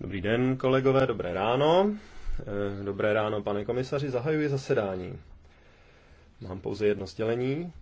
Dobrý den, kolegové, dobré ráno. Eh, dobré ráno, pane komisaři, zahajuji zasedání. Mám pouze jedno sdělení.